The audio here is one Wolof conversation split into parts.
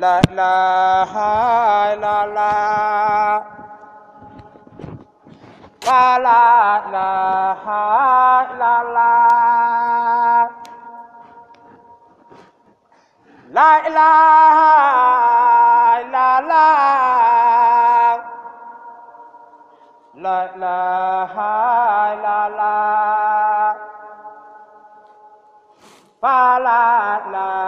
la ilaha illallah la la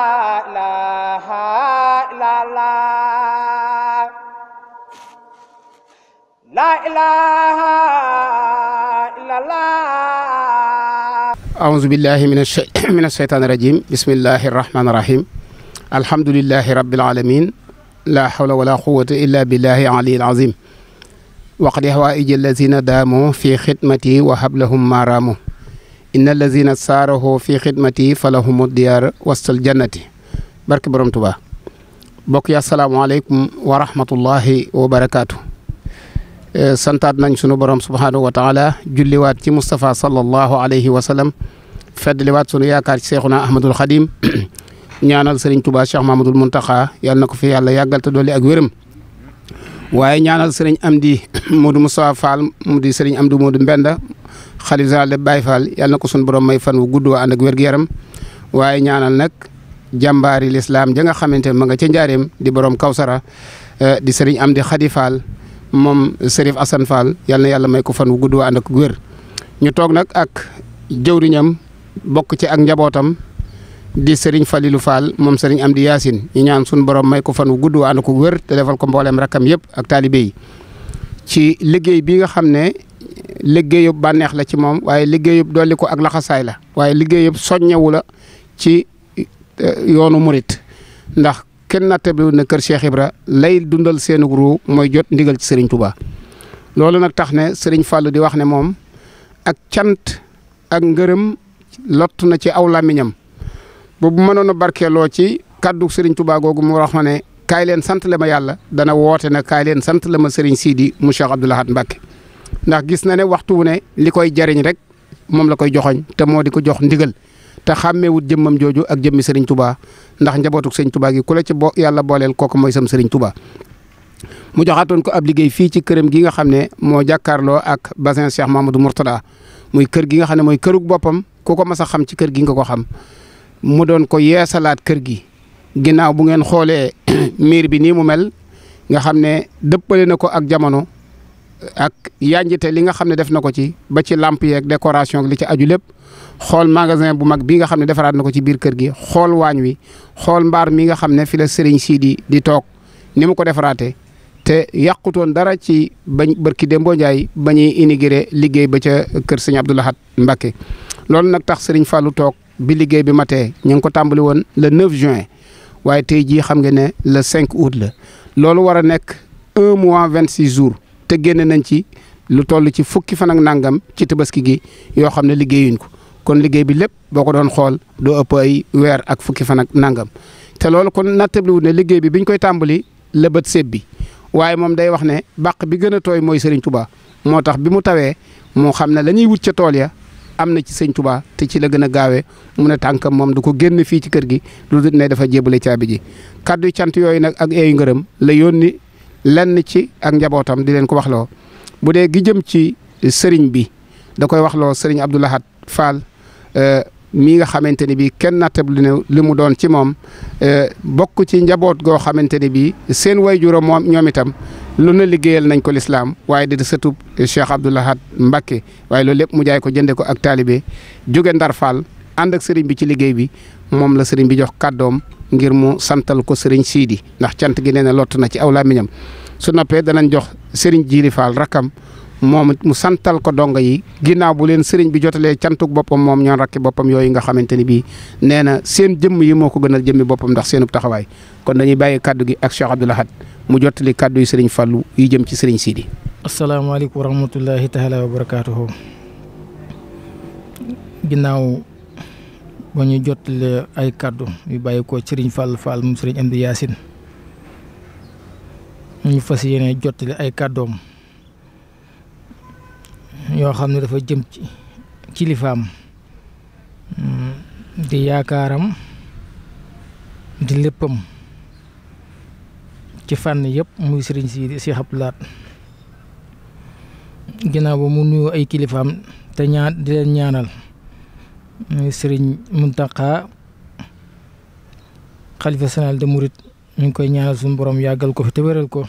ilaha illallah la ilaha illallah a'uuzu billahi mina shaytaani rajiim bismillahi rahmaani rahiim alhamdulillahi rabbil aalamiin laa hawla wa laa quwwata illaa billahi aliyyil aziim waqdi hawaa'ij allazina daamu fi xidmati wa hablahum maaraamu inna allazina saarahoo fi xidmati falahumu diyaar wastal jannati barke borom Tuubaa mbokk yi asalaamaaleykum wa rahmatullahi wa santaat nañ sunu borom subhaanahu wa taala julliwaat ci Moustapha sallallahu alayhi wa sallam feddliwaat sunu yaakaar ci seexuna Ahmadul Xadim ñaanal sëriñ Tuubaa Cheikh Mamadul Muntaxa yal na ko fi yàlla yàggal te dolli ak wéram. waaye ñaanal sëriñ Amdi Modou Moussa Fall mu di Amdi Modou Mbenda xalif général de Baye Fall yàlla na ko suñu borom may fan wu gudd waa ànd ak wér-gu-yaram waaye ñaanal nag jàmbaari lislaam ja nga xamante ne ma nga ca njaareem di borom Kawsara eh, di sëriñ Amdi Xadi Fall moom Serif Assane Fall yàlla may ko fan wu gudd waa ànd ak wér. ñu toog nag ak jëwriñam bokk ci ak njabootam di sëriñ Falilou Fall moom sëriñ Amdi Yaasin ñu ñaan suñu borom may ko fan wu gudd waa ànd ko wér te ko mbooleem rakkam yëpp ak taalibe yi ci liggéey bi nga xam ne liggéeyub bànneex la ci moom waaye liggéeyub dolli ko ak laxasaay la waaye liggéeyub soññewu la ci eh, yoonu murit ndax kenn nattabliwu na kër Cheikh ra lay dundal seen ruu mooy jot ndigal ci Serigne tubaa loolu nag tax ne sëriñ Fallou di wax ne moom ak cant ak ngërëm lot na ci aw làmmiñam bu bu mënoon a barkeeloo ci kàddu Serigne Touba googu mu wax ma ne kaay leen sant la ma yàlla dana woote na kaay leen sant la ma Serigne siidi mu Cheikh Abdoul Ahad ndax gis na ne waxtu wu ne li koy jariñ rek moom la koy joxoñ te moo di ko jox ndigal te xàmmeewut jëmmam jooju ak jëmmi sëriñ tubaa ndax njabootuk sëriñ tubaa gi ku la ci bo yàlla booleel kooku mooy sam sëriñ tubaa mu joxaatoon ko ab liggéey fii ci këram gi nga xam ne moo jàkkaarloo ak bassin Cheikh Mamadou Mourtada muy kër gi nga xam ne mooy kërug boppam ku ko mas a xam ci kër gi nga ko xam mu doon ko yeesalaat kër gi ginnaaw bu ngeen xoolee miir bi nii mu mel nga xam ne dëppale na ko ak jamono ak yanjite li nga xam ne def na ko ci ba ci lamp yeeg décoration li ci aju lépp xool magasin bu mag bi nga xam ne defaraat na ko ci biir kër gi xool waañ wi xool mbaar mi nga xam ne fi la sëriñ sii di di toog ni mu ko defaraate te yàqutoon dara ci bañ barki Dembo Ndiaye ba ñuy inaugurer liggéey ba ca kër sëñ Abdou Lahad Mbacké loolu nag tax sëriñ Fallou toog bi liggéey bi matee ñu ngi ko tàmbali woon le 9 juin waaye tey jii xam nga ne le 5 août la loolu war a nekk un mois vingt six jours te génne nañ ci lu toll ci fukki fan ak nangam ci tabaski gi yoo xam ne liggéeyuñ ko kon liggéey bi lépp boo ko doon xool doo ëpp ay weer ak fukki fanak nangam te loolu kon nattable wu ne liggéey bi bi ñu koy tàmbali lëbët seeb bi waaye moom day wax ne bàq bi gën a tooy mooy Serigne Touba moo tax bi mu tawee moo xam ne lañuy wut ca tool ya am na ci sëñ Touba te ci la gën a gaawee mu ne tànkam moom du ko génn fii ci kër gi lu ne dafa jébale caabi ji kaddu cant yooyu nag ak ay lenn ci ak njabootam di leen ko waxloo bu dee gi jëm ci sëriñ bi da koy waxloo sëriñ Abdou Lahad Fall euh, mii nga xamante ne bii kenn nattab lu ne li mu doon ci moom euh, bokk ci njaboot goo xamante ne bii seen wayjuram moom ñoom itam lu na liggéeyal nañ ko lislaam waaye di sëtub Cheikh Abdou Lahad Mbacké waaye loolu lépp mu jaay ko jënde ko ak taalibe jóge Ndar Fall ànd ak sëriñ bi ci liggéey bi moom la sëriñ bi jox kàddoom ngir mu santal ko sëriñ siidi ndax cant gi nee na lott na ci aw làmmiñam su nappee danañ jox sëriñ Jiili Faal rakkam moom mu santal ko dongo yi ginnaaw bu leen sëriñ bi jotalee cantu boppam moom ñoon rakki boppam yooyu nga xamante ni bii nee na seen jëmm yi moo ko gënal jëmmi boppam ndax seenub taxawaay kon dañuy bàyyi kàddu gi ak Cheikh Abdoul Ahad mu jottali kàddu yi sëriñ Fallou yu jëm ci sëriñ Sidi. asalaamaaleykum wa rahmatullahi taala wa barakaatuhu ginnaaw ba ñu jottale ay kàddu yu bàyyi ko Serigne Fall Fall mu Serigne Amdi Yaasin ñu fas yéene jottale ay kàddoom yoo xam ne dafa jëm ci kilifaam di yaakaaram di léppam ci fànn yëpp muy sëriñ si si xablaat ginnaaw ba mu nuyu ay kilifaam te ñaan di leen ñaanal muy sëriñ Muntaqa xalifa général des mourides ñu ngi koy ñaanal suñu borom yàggal ko fi te wéral ko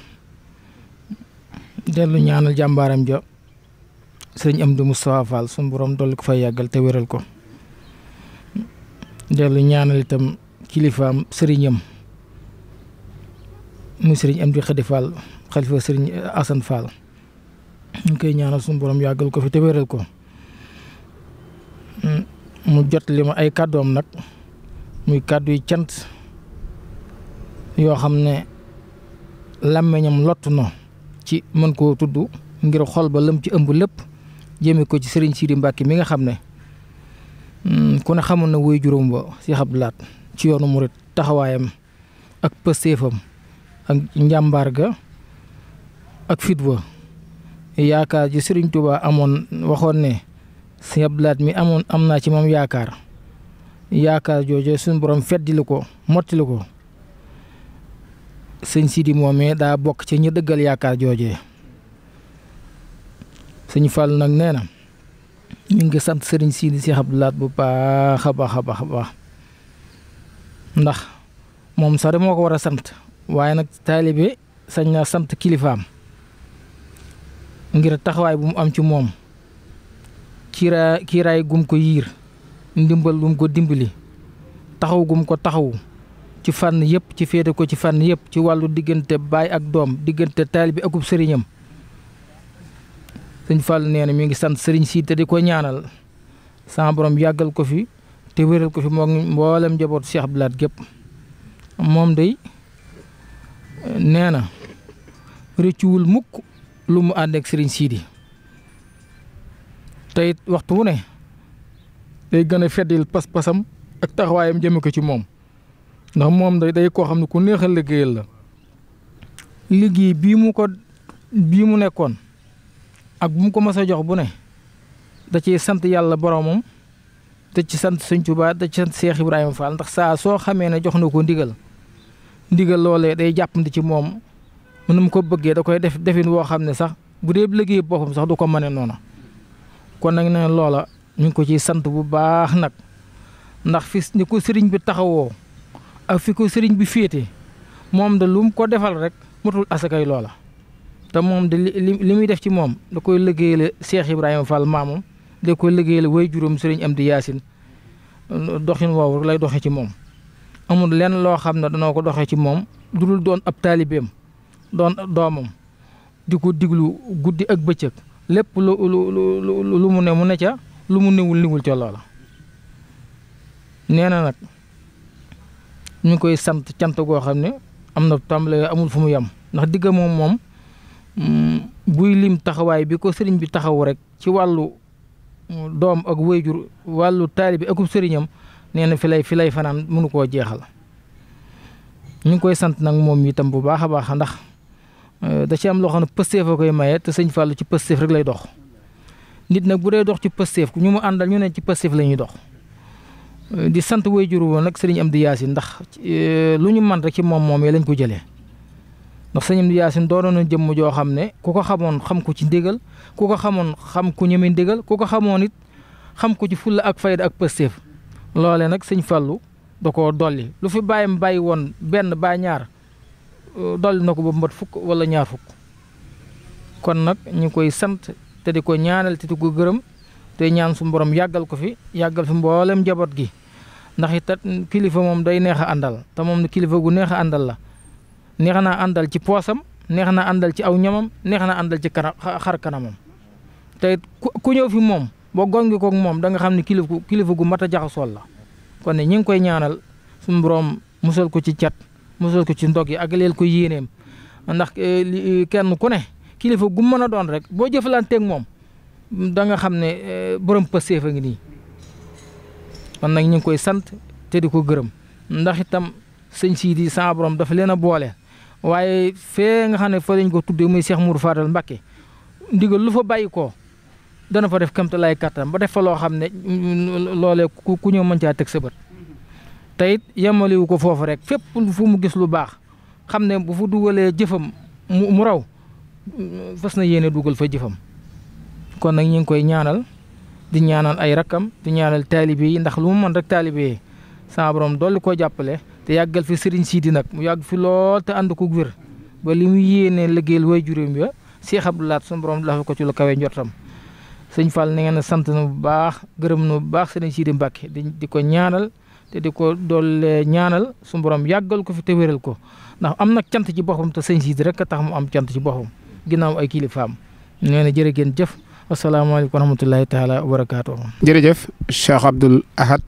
dellu ñaanal jàmbaaram ja sëriñ Amdu Moustapha Fall suñu borom dolli ko fa yàggal te wéral ko dellu ñaanal itam kilifaam sëriñam muy sëriñ Amdi Xadi Fall xalifa sëriñ Asan Fall ñu ngi koy ñaanal suñu borom yàggal ko fi te wéral ko mu jot li ma ay kàddoom nag muy kàddu yi cant yoo xam ne làmmiñam lottu na ci mën koo tudd ngir xol ba lam ci ëmb lépp jëme ko ci sëriñ Sidi Mbacke mi nga xam ne hmm, ku ne xamoon na woy juróom ba Cheikh Abdou Lahad ci yoonu murit taxawaayam ak pëstéefam ak njàmbaar ga ak fit wa yaakaar ji sëriñ Touba amoon waxoon ne sëñ Abdou mi amoon am naa ci moom yaakaar yaakaar jooju suñ borom feddili ko mottili ko sëñ Sidi moomee daa bokk ci ñu dëggal yaakaar jooju sëñ Fall nag nee na ñu ngi sant sëriñ Sidi sëñ Abdou bu baax a baax a ndax moom sax moo ko war a sant waaye nag taalibe sañ naa sant kilifaam ngir taxawaay bu mu am ci moom. kiiraa kiiraay gum ko yiir ndimbal lum ko dimbali taxaw gum ko taxawu ci fànn yëpp ci féete ko ci fànn yëpp ci wàllu diggante baay ak doom diggante taalibe akub sëriñam sëñ Fall nee na mi ngi sant sëriñ si te di ko ñaanal sama borom yàggal ko fi te wéral ko fi moom mboolem njaboot Cheikh Abdou gépp moom day nee na rëccuwul mukk lu mu ànd ak sëriñ Sidi te it waxtu wu ne day gën a feddil pas-pasam ak taxawaayam jëme ko ci moom ndax moom day koo xam ne ku neex a liggéeyal la liggéey bii mu ko bii mu nekkoon ak bu mu ko mës jox bu ne da ciy sant yàlla boromam te ci sant sëñ Tuubaa da ci sant Seex Ibrahima Fall ndax saa soo xamee ne jox na ko ndigal ndigal loolee day jàppandi ci moom nu mu ko bëggee da koy def defin woo xam ne sax bu dee liggéey boppam sax du ko mëne noonu. kon nag ne loola ñu ngi ko ci sant bu baax nag ndax fi ni ko sëriñ bi taxawoo ak fi ko sëriñ bi féete moom de lu mu ko defal rek matul asakay loola te moom de li li muy def ci moom da koy liggéeyale Cheikh Ibrahima Fall maamam da koy liggéeyale way juróom sëriñ Amdi Yaasin doxin woowu lay doxee ci moom amul lenn loo xam ne danoo ko doxee ci moom dudul doon ab taalibeem doon doomam di ko diglu guddi ak bëccëg lépp lu lu lu lu mu ne mu ne ca lu mu newul niwul ca loola nee na nag ñu ngi koy sant cant goo xam ne am na tàmbale amul fu mu yem ndax digg moom moom mm, buy lim taxawaay bi ko sëriñ bi taxaw rek ci wàllu doom ak wéyjur wàllu taalibi aku sëriñam nee na fi lay fi lay fanaan mënu koo jeexal ñu ngi koy sant nag moom itam bu baax a baax ndax. Euh, da ci am loo xam ne koy maye te sëñ Fallou ci pësteef rek lay dox nit nag bu dee dox ci ku ñu mu àndal ñu ne ci pësteef la ñuy dox euh, di sant waajur woon nag sëriñ Amdi Yaasin ndax euh, lu ñu man ci moom moom yi lañ ko jëlee ndax sëriñ Amdi Yaasin doonoon na jëmm joo xam ne ku ko xamoon xam ko ci ndigal ku ko xamoon xam ko ñeme ndigal ku ko xamoon it xam ko ci fulla ak fayda ak pësteef loole nag sëñ fallu da koo dolli lu fi bàyyam bàyyi woon benn ba ñaar. dolli na ko ba mbat fukk wala ñaar fukk kon nag ñu koy sant te di ko ñaanal te di ko gërëm te ñaan su mboroom yàggal ko fi yàggal fi mboolem njaboot gi ndax it kilifa moom day neex a àndal te moom kilifa gu neex a àndal la neex naa àndal ci poosam neex naa àndal ci aw ñamam neex naa àndal ci kana xar kanamam te ku ñëw fi moom boo ko koog moom da nga xam ne kilifa kilifa gu mat a jaxasool la kon ne ñu ngi koy ñaanal suñu borom musal ko ci cat musal ko ci ndog yi ak leel ko yéeneem ndax eh, eh, kenn ku ne kilifa gu mën a doon rek boo jëflanteeg moom da nga xam ne eh, borom pëseef a ngi nii. kon nag ñu ngi koy sant te di ko gërëm ndax itam sëñ sii di sa borom dafa leen a boole waaye fee nga xam ne fa lañ ko tuddee muy Cheikh Mourou Fadal Mbacké ndigal lu fa bàyyi ko dana fa def kamte kattan ba def fa loo xam ne mm, mm, loolee ku ñëw mën caa teg sa bët te it ko foofu rek fépp fu mu gis lu baax xam ne bu fu dugalee jëfam mu mu raw fas na yéene dugal fa jëfam kon nag ñu ngi koy ñaanal di ñaanal ay rakkam di ñaanal taalibe yi ndax lu mu mën rek taalibe yi sama borom dolli koo jàppale te yàggal fi sëriñ siidi nag mu yàgg fi lool te ànd ko wér ba li mu yéene liggéeyal way juróom ya Cheikh Abdou Lahad sama borom ko ci lu kawe njortam sëñ fal na ngeen sant bu baax gërëm na bu baax sëriñ te di ko doole ñaanal su borom yàggal ko fi te ko ndax am na cant ci boppam te sëñ Sidi rek tax mu am cant ci boppam ginnaaw ay kilifaam nee na jërë ngeen jëf asalaamaaleykum wa rahmatulahi taala jërëjëf Cheikh Abdoul Ahad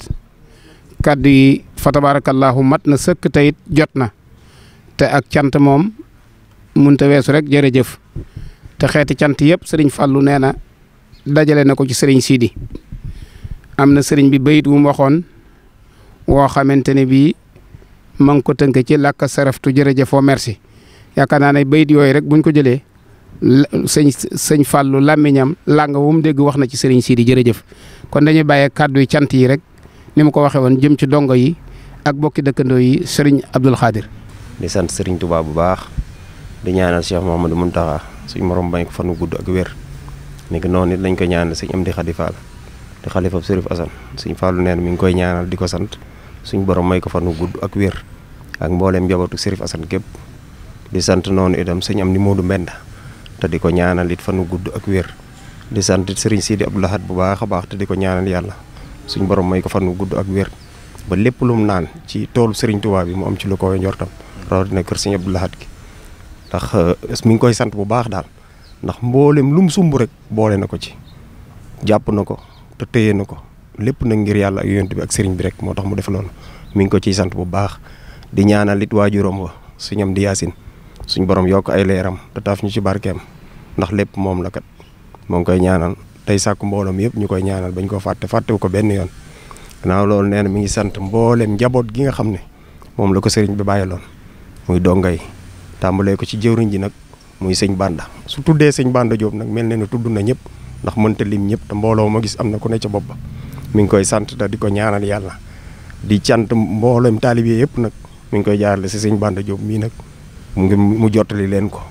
kaddu yi fa tabaarakallaahu mat na sëkk tayit jot na te ak cant moom munta weesu rek jërëjëf te xeeti cant yëpp sëriñ Fallou nee na dajale na ko ci sëriñ Sidi am na sëriñ bi bayit wu waxoon. woo xamante ne bii ma ngi ko tënk ci làkk saraftu jërëjëf merci yaakaar naa ne bayit yooyu rek bu ñu ko jëlee sëñ sëñ Fallou làmmiñam làng wu dégg wax na ci sëriñ Sidi jërëjëf kon dañuy bàyyee kàddu yi cant yi rek ni mu ko waxee woon jëm ci dongo yi ak bokki dëkkandoo yi sëriñ Abdoul Khadir. di sant sëriñ tubaab bu baax di ñaanal Cheikh mun Mountakha suñu morom bañ ko fanu gudd ak wér ni noonu it lañ ko ñaanal sëñ Amdi Khady Fall di xalifa Sërif Assane neen mi ngi koy ñaanal di ko sant. suñ borom may ko fan fanu gudd ak wér ak mbooleem njabootu Serif Assane gépp di sant noonu itam sëñ am ni Moodu Mbend te di ko ñaanal it fanu gudd ak wér di sant sëriñ Sidi Abdou Lahad bu baax a baax te di ko ñaanal yàlla suñ borom may ko fan fanu gudd ak wér ba lépp lu mu naan ci toolu sëriñ Tuubaa bi mu am ci lu ko njortam dina kër sëñ Abdou Lahad gi ndax mu ngi koy sant bu baax daal ndax mbooleem lu mu sumb rek boole na ko ci jàpp na ko te téye na ko lépp nag ngir yàlla ak bi ak sëriñ bi rek moo tax mu def loolu mi ngi ko ciy sant bu baax di ñaanal it waajuram wa suñam di yaasin suñ borom yokk ay leeram te taaf ñu ci barkeem ndax lépp moom la kat moo ngi koy ñaanal tey sàkku mbooloom yëpp ñu koy ñaanal bañ ko fàtte fàttewu ko benn yoon gannaaw loolu nee na mi ngi sant mbooleem njaboot gi nga xam ne moom la ko sëriñ bi bàyyi loon muy dongay tàmbulee ko ci jëwriñ ji nag muy sëñ Banda su tuddee sëñ Banda Diop nag mel na ne tudd na ñëpp ndax mënta lim ñëpp te mbooloo ma gis am na ku ne ca bopp mi ngi koy sant te di ko ñaanal yàlla di cant mboolem taalibe yëpp nag mi ngi koy jaarle si sëñ Banda Diop mii nag mu ngi mu jottali leen ko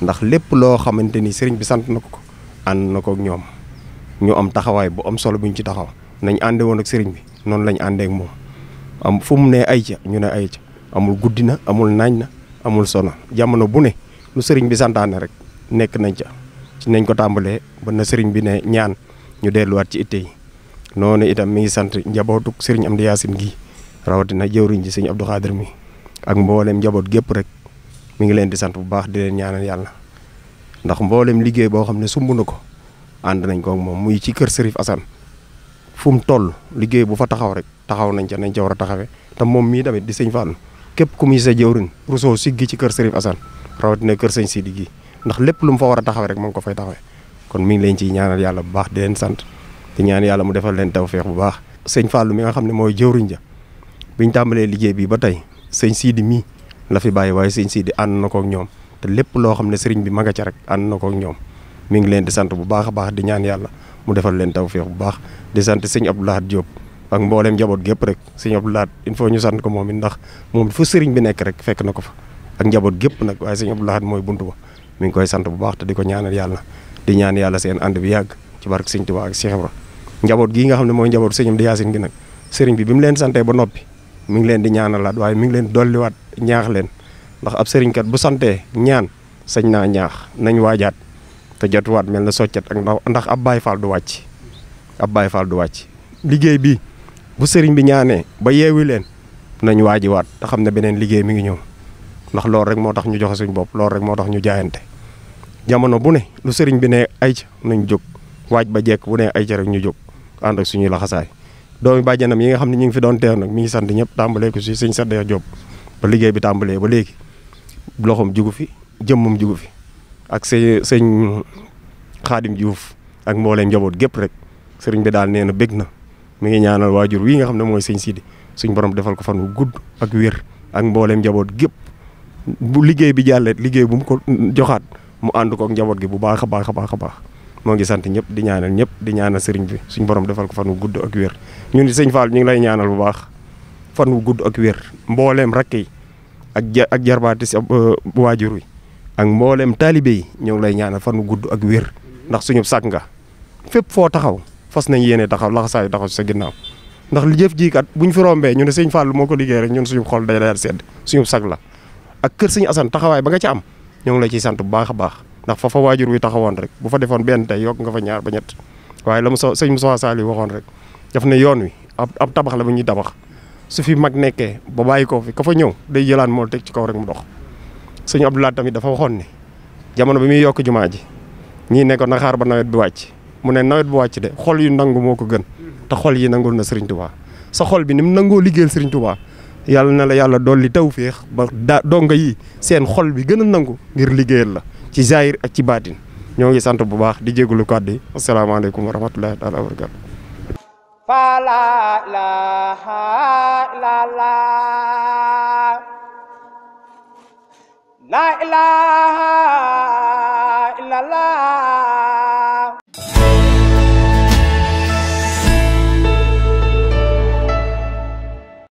ndax lépp loo xamante ni sëriñ bi sant na ko ànd na ko ak ñoom ñu am taxawaay bu am solo bu ci taxaw nañ ànde woon ak sëriñ bi noonu lañ àndee moom am fu mu ne ay ca ñu ne ay amul guddi na amul naañ na amul sono jamono bu ne lu sëriñ bi santaane rek nekk nañ ca ci nañ ko tàmbalee ba na sëriñ bi ne ñaan ñu delluwaat ci itte yi noonu itam mi ngi sant njabootuk sëriñ Amdi Yaasin gii rawatina jëwriñ ji sëriñ Abdou Khadir mi ak mboolem njaboot gépp rek mi ngi leen di sant bu baax di leen ñaanal yàlla ndax mboolem liggéey boo xam ne sumb na ko ànd nañ ko moom muy ci kër Serif Assane fu mu toll liggéey bu fa taxaw rek taxaw nañ ca nañ ca war a taxawee te moom mii tamit di sëñ Fallou képp ku muy sa jëwriñ Rousseau siggi ci kër Serif Assane rawatina kër sëñ Sidi gi ndax lépp lu mu fa war a taxawee rek mu ngi ko fay taxawee kon mi ngi leen ciy ñaanal yàlla bu baax di leen sant di ñaan yàlla mu defal leen taw tawféex bu baax. sëñ Fallou mi nga xam ne mooy jëwriñ ja biñ tàmbalee liggéey bi ba tey sëñ Sidi mii la fi bàyyi waaye sëñ Sidi ànd na kook ñoom te lépp loo xam ne sëriñ bi ma nga ca rek ànd na ko ñoom mi ngi leen di sant bu baax a baax di ñaan yàlla mu defal leen taw tawféex bu baax di sant sëñ Abdou Lahad Diop ak mbooleem njaboot gépp rek sëñ Abdou Lahad il faut ñu sant ko moom it ndax moom fu sëriñ bi nekk rek fekk na ko fa ak njaboot gépp nag waaye sëñ Abdou Lahad mooy bunt ba mi ngi koy sant bu baax te di ko ñaanal yàlla di ñaan yàlla seen ànd bi yàgg ci barke sëñ Tuubaa ak Cheikh njaboot gii nga xam ne mooy njaboot sëñam di yaasin gi nag sëriñ bi bi mu leen santee ba noppi mi ngi leen di ñaanalaat waaye mi ngi leen dolliwaat ñaax leen ndax ab sëriñkat bu santee ñaan sañ naa ñaax nañ waajaat te jotuwaat mel na soccet ak ndax ab baay faal du wàcc ab baay faal du wàcc liggéey bi bu sëriñ bi ñaanee ba yeewi leen nañ waajiwaat te xam ne beneen liggéey mi ngi ñëw ndax loolu rek moo tax ñu joxe suñ bopp loolu rek moo tax ñu jaayante jamono bu ne lu sëriñ bi ne ay nañ jóg waaj ba jekk bu ne ay ca ñu jóg ànd ak suñuy laxasaay doomi bàjjanam yi nga xam ne ñu ngi fi doon teew nag mi ngi sant ñëpp tàmbalee ko si sëñ Sadex Diop ba liggéey bi tàmbalee ba léegi loxoom fi jëmmam jugu fi ak sëñ sëñ Xaadim Diouf ak mbooleem njaboot gépp rek sëriñ bi daal nee na bég na mi ngi ñaanal waajur wi nga xam ne mooy sëñ Sidi suñ borom defal ko fan wu gudd ak wér ak mbooleem njaboot gépp bu liggéey bi jàllee liggéey bu mu ko joxaat mu ànd ko ak njaboot gi bu baax a baax a baax a baax moo ngi sant ñëpp di ñaanal ñëpp di ñaanal sëriñ bi suñ borom defal ko fan wu gudd ak wér ñun sëñ Fall ñu ngi lay ñaanal bu baax fan wu gudd ak wér mbooleem rakk yi ak ja ak jarbaati si euh, waajur yi ak mbooleem taalibe yi ñu ngi lay fan wu gudd ak wér ndax suñu sàkk nga fépp foo taxaw fas nañ yéene taxaw laxasaayu taxaw si sa ginnaaw ndax li jëf ji kat buñ fi rombee ñu ne sëñ Fall moo ko liggéey rek ñun suñu xol day daal sedd suñu sag la ak kër sëñ Assane taxawaay ba nga ci am ñoo ngi la ciy sant bu baax a baax ndax fa fa waajur wi taxawoon rek bu fa defoon benn tey yokk nga fa ñaar ba ñett waaye la mu so sëñ Moussa Saliou waxoon rek daf ne yoon wi ab tabax la bu ñuy tabax su fi mag nekkee ba bàyyi ko fi ka fa ñëw day jëlaan moo teg ci kaw rek mu dox sëñ Abdoulaye tamit dafa waxoon ni jamono bi muy yokk jumaa ji ñii nekkoon na xaar ba nawet bi wàcc mu ne nawet bu wàcc de xol yu nangu moo ko gën te xol yi nangul na Serigne Touba sa xol bi ni mu nangoo liggéeyal Serigne yàlla na la yàlla dolli tawféex ba daa donga yi seen xol bi gën a nangu ngir liggéeyal la ci zahir ak ci baatin ñoo sant bu baax di jégalu kàddu yi asalaamaaleykum wa rahmatullahi taala wa barakatu fala ilaha illallah la ilaha illallah